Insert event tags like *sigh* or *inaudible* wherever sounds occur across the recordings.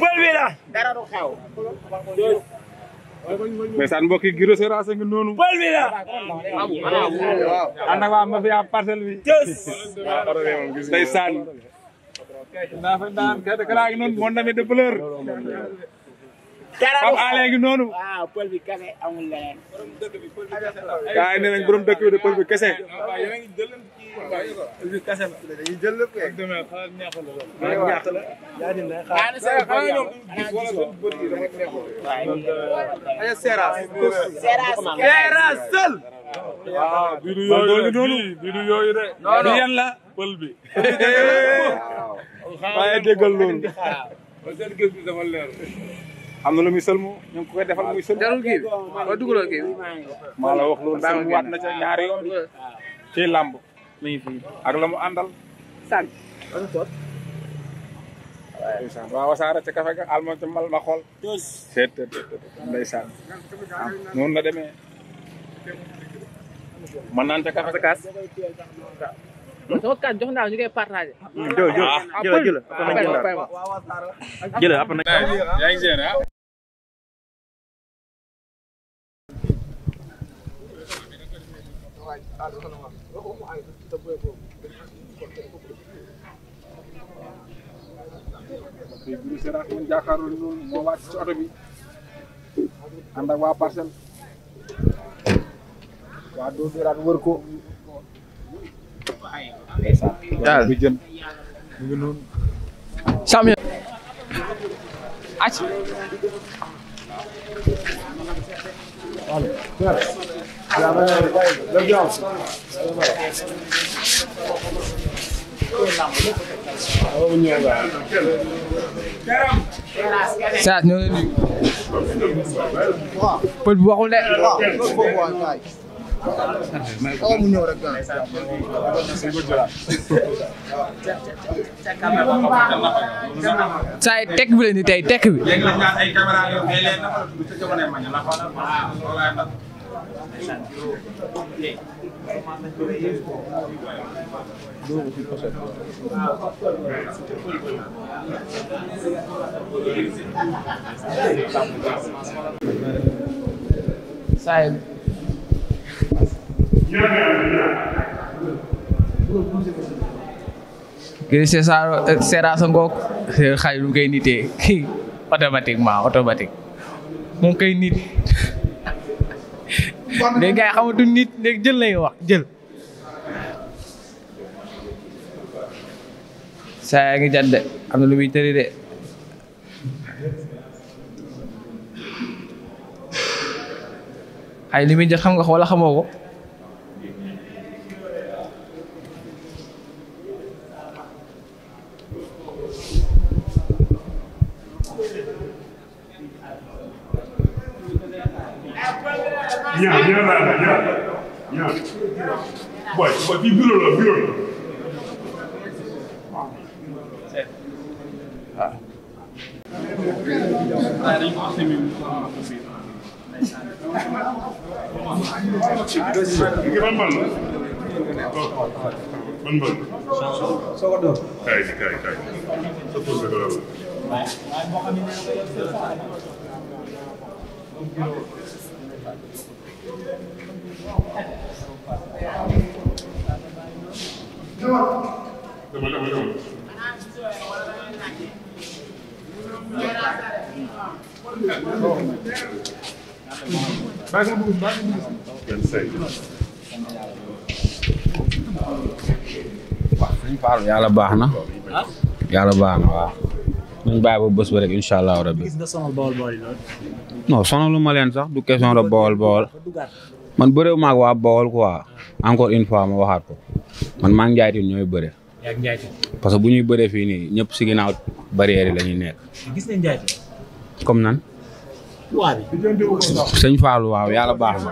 pël bi la. dara saan mbokk yi giro se raase noonu. pël bi la. ànd ak waa mafia parcelle bi. jës. tey saan. naa fa daan kër kalaay de fleur. dara Pape Alé ngi noonu. waaw pël bi kese amul leneen. gaa yi nee nañ borom dëkk bi de pël bi kese. pël bi kese la. dañuy jël lépp rek. xanaa neexul la. ñaax la. yaa dina xaaral seeraas. waaw biiru yooyu de biiru yooyu de. non non yan la pël bi. *laughs* waaye déggal loolu. am na lu muy sëlmu ñu ngi koy defal muy sëlmu. jarul kii bi waaw dugaloo kii bi. maa la wax loolu sëlmu waat na ca ñaari yoon. ci làmb. ak la mu àndal. sànq. ndeysaan waaw wasaare ca kafe ga alma ca mal ma xool. seet te te ndeysaan noonu la demee. mën naan ca kafe sa kaas. sama kaas jox naa ñu koy partagé. jërëjëf jërëjëf jërëjëf. jërëjëf tey biir Serap moom jàkkaarloo noonu moo wàcc ci oto bi ànd ak waa parcelle waa doo doraat wër ko daal bi jën mu ngi noonu Samuel ac saa ñoo leen di. pël bu waxul de. waaw mu ñëw rek saa yi tekk bi la ni tey tekk bi. Sahel. ngook César Seras a ngoog xay lu koy nitee kii automatiquement léegi gars yi xamatuñ nit léegi jël lay wax jël. saa yaa ngi jàdd de am na lu muy tëri de. ay li muy jël xam nga wala xamoo ko. ñaar ñaar laa la ñaar ñaar booy booy bi bureau la bureau la ban bal ban bal soo ko door kay kay kay sa tur bi la Thank you. waaw yàlla baax na yàlla baax na waaw nañ bàyyi ba bés ba rek incha rabbi non sonalu lu maleen sax du question de bool bool man bëreewu ma ak waa bool quoi encore une fois ma waxaat ko man maa ngi ñooy bëre. parce que bu ñuy bëree fii nii ñëpp si ginnaaw barrière yi la ñuy gis nañ jaaytin. comme nan. waaw sëñ waaw yàlla baax na.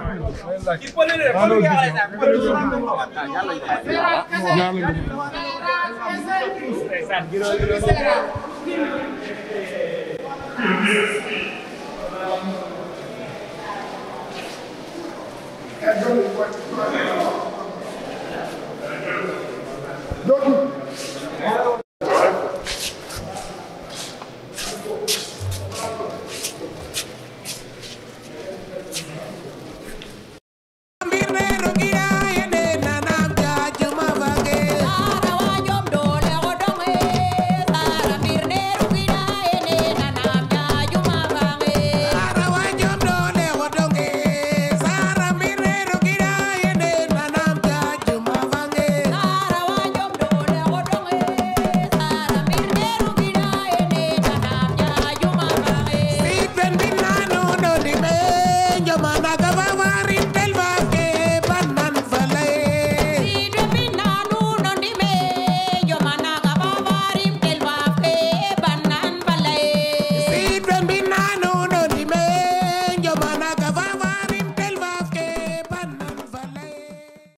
Donc,